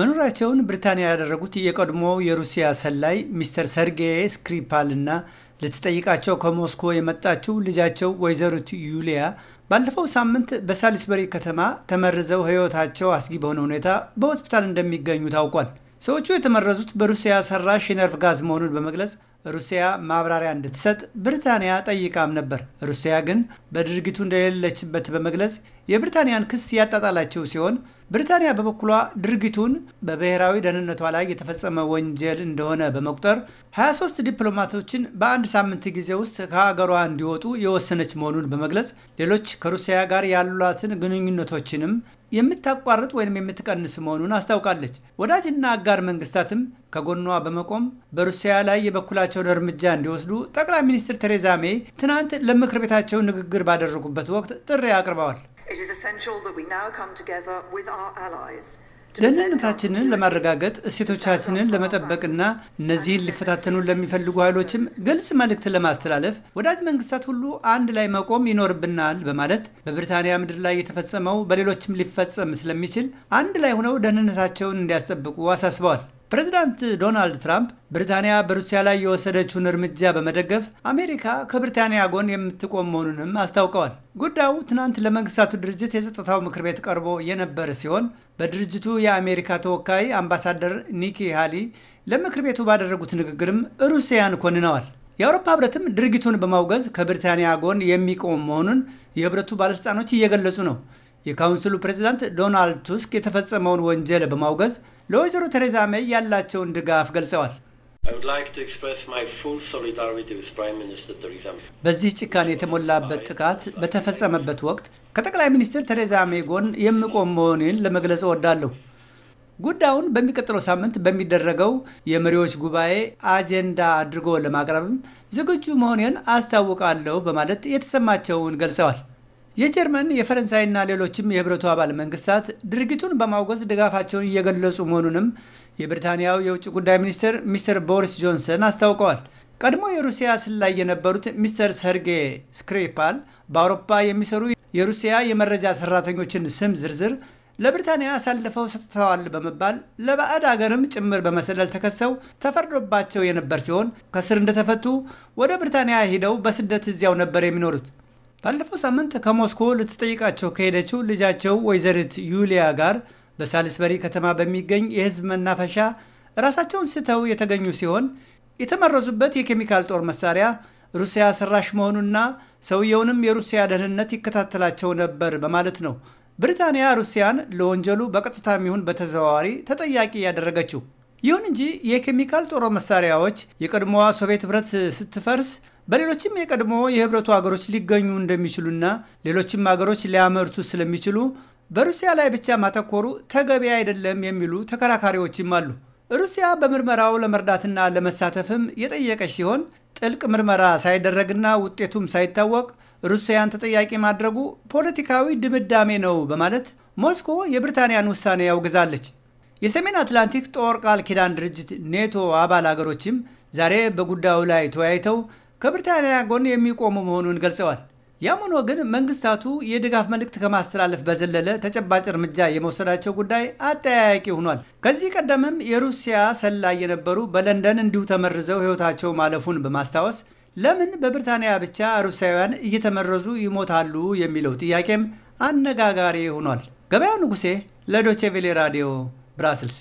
መኖራቸውን ብሪታንያ ያደረጉት የቀድሞው የሩሲያ ሰላይ ሚስተር ሰርጌይ ስክሪፓልና ልትጠይቃቸው ከሞስኮ የመጣችው ልጃቸው ወይዘሮት ዩሊያ ባለፈው ሳምንት በሳሊስበሪ ከተማ ተመርዘው ሕይወታቸው አስጊ በሆነ ሁኔታ በሆስፒታል እንደሚገኙ ታውቋል። ሰዎቹ የተመረዙት በሩሲያ ሰራሽ የነርቭ ጋዝ መሆኑን በመግለጽ ሩሲያ ማብራሪያ እንድትሰጥ ብሪታንያ ጠይቃም ነበር። ሩሲያ ግን በድርጊቱ እንደሌለችበት በመግለጽ የብሪታንያን ክስ ያጣጣላችው ሲሆን ብሪታንያ በበኩሏ ድርጊቱን በብሔራዊ ደህንነቷ ላይ የተፈጸመ ወንጀል እንደሆነ በመቁጠር 23 ዲፕሎማቶችን በአንድ ሳምንት ጊዜ ውስጥ ከሀገሯ እንዲወጡ የወሰነች መሆኑን በመግለጽ ሌሎች ከሩሲያ ጋር ያሏትን ግንኙነቶችንም የምታቋርጥ ወይም የምትቀንስ መሆኑን አስታውቃለች። ወዳጅና አጋር መንግስታትም ከጎኗ በመቆም በሩሲያ ላይ የበኩላቸውን እርምጃ እንዲወስዱ ጠቅላይ ሚኒስትር ቴሬዛ ሜይ ትናንት ለምክር ቤታቸው ንግግር ባደረጉበት ወቅት ጥሪ አቅርበዋል። ደህንነታችንን ለማረጋገጥ እሴቶቻችንን ለመጠበቅና እነዚህን ሊፈታተኑ ለሚፈልጉ ኃይሎችም ግልጽ መልእክት ለማስተላለፍ ወዳጅ መንግስታት ሁሉ አንድ ላይ መቆም ይኖርብናል በማለት በብሪታንያ ምድር ላይ የተፈጸመው በሌሎችም ሊፈጸም ስለሚችል አንድ ላይ ሆነው ደህንነታቸውን እንዲያስጠብቁ አሳስበዋል። ፕሬዚዳንት ዶናልድ ትራምፕ ብሪታንያ በሩሲያ ላይ የወሰደችውን እርምጃ በመደገፍ አሜሪካ ከብሪታንያ ጎን የምትቆም መሆኑንም አስታውቀዋል። ጉዳዩ ትናንት ለመንግስታቱ ድርጅት የጸጥታው ምክር ቤት ቀርቦ የነበረ ሲሆን በድርጅቱ የአሜሪካ ተወካይ አምባሳደር ኒኪ ሃሊ ለምክር ቤቱ ባደረጉት ንግግርም ሩሲያን ኮንነዋል። የአውሮፓ ህብረትም ድርጊቱን በማውገዝ ከብሪታንያ ጎን የሚቆም መሆኑን የህብረቱ ባለሥልጣኖች እየገለጹ ነው። የካውንስሉ ፕሬዚዳንት ዶናልድ ቱስክ የተፈጸመውን ወንጀል በማውገዝ ለወይዘሮ ቴሬዛ ሜይ ያላቸውን ድጋፍ ገልጸዋል። በዚህ ጭካኔ የተሞላበት ጥቃት በተፈጸመበት ወቅት ከጠቅላይ ሚኒስትር ቴሬዛ ሜይ ጎን የምቆም መሆኔን ለመግለጽ እወዳለሁ። ጉዳዩን በሚቀጥለው ሳምንት በሚደረገው የመሪዎች ጉባኤ አጀንዳ አድርጎ ለማቅረብም ዝግጁ መሆኔን አስታውቃለሁ በማለት የተሰማቸውን ገልጸዋል። የጀርመን የፈረንሳይና ሌሎችም የህብረቱ አባል መንግስታት ድርጊቱን በማውገዝ ድጋፋቸውን እየገለጹ መሆኑንም የብሪታንያው የውጭ ጉዳይ ሚኒስትር ሚስተር ቦሪስ ጆንሰን አስታውቀዋል። ቀድሞ የሩሲያ ስላይ የነበሩት ሚስተር ሰርጌይ ስክሪፓል በአውሮፓ የሚሰሩ የሩሲያ የመረጃ ሰራተኞችን ስም ዝርዝር ለብሪታንያ አሳልፈው ሰጥተዋል በመባል ለባዕድ አገርም ጭምር በመሰለል ተከሰው ተፈርዶባቸው የነበር ሲሆን ከስር እንደተፈቱ ወደ ብሪታንያ ሂደው በስደት እዚያው ነበር የሚኖሩት። ባለፈው ሳምንት ከሞስኮ ልትጠይቃቸው ከሄደችው ልጃቸው ወይዘሪት ዩሊያ ጋር በሳልስበሪ ከተማ በሚገኝ የህዝብ መናፈሻ ራሳቸውን ስተው የተገኙ ሲሆን የተመረዙበት የኬሚካል ጦር መሳሪያ ሩሲያ ሰራሽ መሆኑና ሰውየውንም የሩሲያ ደህንነት ይከታተላቸው ነበር በማለት ነው ብሪታንያ ሩሲያን ለወንጀሉ በቀጥታ ይሁን በተዘዋዋሪ ተጠያቂ ያደረገችው። ይሁን እንጂ የኬሚካል ጦር መሳሪያዎች የቀድሞዋ ሶቪየት ህብረት ስትፈርስ በሌሎችም የቀድሞ የህብረቱ ሀገሮች ሊገኙ እንደሚችሉና ሌሎችም ሀገሮች ሊያመርቱ ስለሚችሉ በሩሲያ ላይ ብቻ ማተኮሩ ተገቢ አይደለም የሚሉ ተከራካሪዎችም አሉ። ሩሲያ በምርመራው ለመርዳትና ለመሳተፍም የጠየቀች ሲሆን ጥልቅ ምርመራ ሳይደረግና ውጤቱም ሳይታወቅ ሩሲያን ተጠያቂ ማድረጉ ፖለቲካዊ ድምዳሜ ነው በማለት ሞስኮ የብሪታንያን ውሳኔ ያውግዛለች። የሰሜን አትላንቲክ ጦር ቃል ኪዳን ድርጅት ኔቶ አባል አገሮችም ዛሬ በጉዳዩ ላይ ተወያይተው ከብሪታንያ ጎን የሚቆሙ መሆኑን ገልጸዋል። ያም ሆኖ ግን መንግስታቱ የድጋፍ መልእክት ከማስተላለፍ በዘለለ ተጨባጭ እርምጃ የመውሰዳቸው ጉዳይ አጠያያቂ ሆኗል። ከዚህ ቀደምም የሩሲያ ሰላይ የነበሩ በለንደን እንዲሁ ተመርዘው ሕይወታቸው ማለፉን በማስታወስ ለምን በብሪታንያ ብቻ ሩሲያውያን እየተመረዙ ይሞታሉ የሚለው ጥያቄም አነጋጋሪ ሆኗል። ገበያው ንጉሴ ለዶቼቬሌ ራዲዮ ብራስልስ